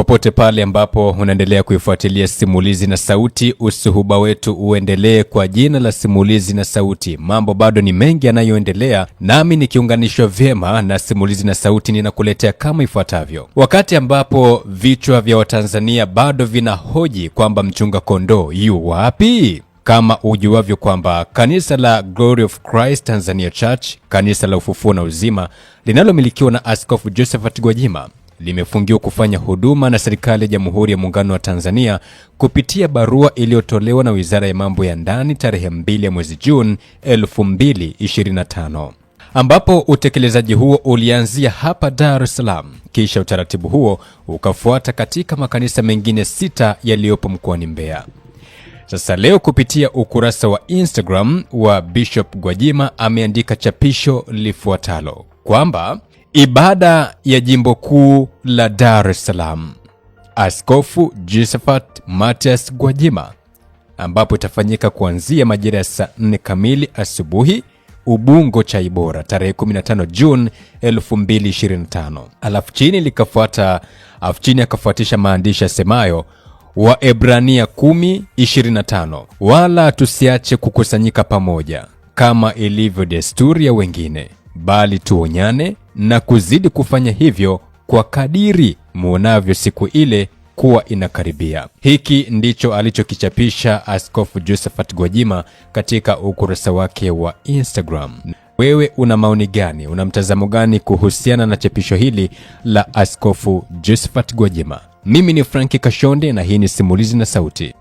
Popote pale ambapo unaendelea kuifuatilia Simulizi na Sauti, usuhuba wetu uendelee kwa jina la Simulizi na Sauti. Mambo bado ni mengi yanayoendelea, nami nikiunganishwa vyema na Simulizi na Sauti ninakuletea kama ifuatavyo. Wakati ambapo vichwa vya Watanzania bado vinahoji kwamba mchunga kondoo yu wapi? Kama ujuavyo kwamba kanisa la Glory of Christ Tanzania Church, kanisa la ufufuo na uzima linalomilikiwa na Askofu Josephat Gwajima limefungiwa kufanya huduma na serikali ya Jamhuri ya Muungano wa Tanzania kupitia barua iliyotolewa na Wizara ya Mambo ya Ndani tarehe 2 ya mwezi Juni 2025 ambapo utekelezaji huo ulianzia hapa Dar es Salaam, kisha utaratibu huo ukafuata katika makanisa mengine sita yaliyopo mkoani Mbeya. Sasa leo kupitia ukurasa wa Instagram wa Bishop Gwajima ameandika chapisho lifuatalo kwamba Ibada ya Jimbo Kuu la Dar es Salaam, Askofu Josephat Matias Gwajima, ambapo itafanyika kuanzia majira ya saa 4 kamili asubuhi Ubungo Chaibora tarehe 15 Juni 2025. Alafu chini likafuata, alafu chini akafuatisha maandishi yasemayo Waebrania 10:25, wala tusiache kukusanyika pamoja kama ilivyo desturi ya wengine, bali tuonyane na kuzidi kufanya hivyo kwa kadiri muonavyo siku ile kuwa inakaribia. Hiki ndicho alichokichapisha Askofu Josephat Gwajima katika ukurasa wake wa Instagram. Wewe una maoni gani? Una mtazamo gani kuhusiana na chapisho hili la Askofu Josephat Gwajima? Mimi ni Franki Kashonde na hii ni Simulizi na Sauti.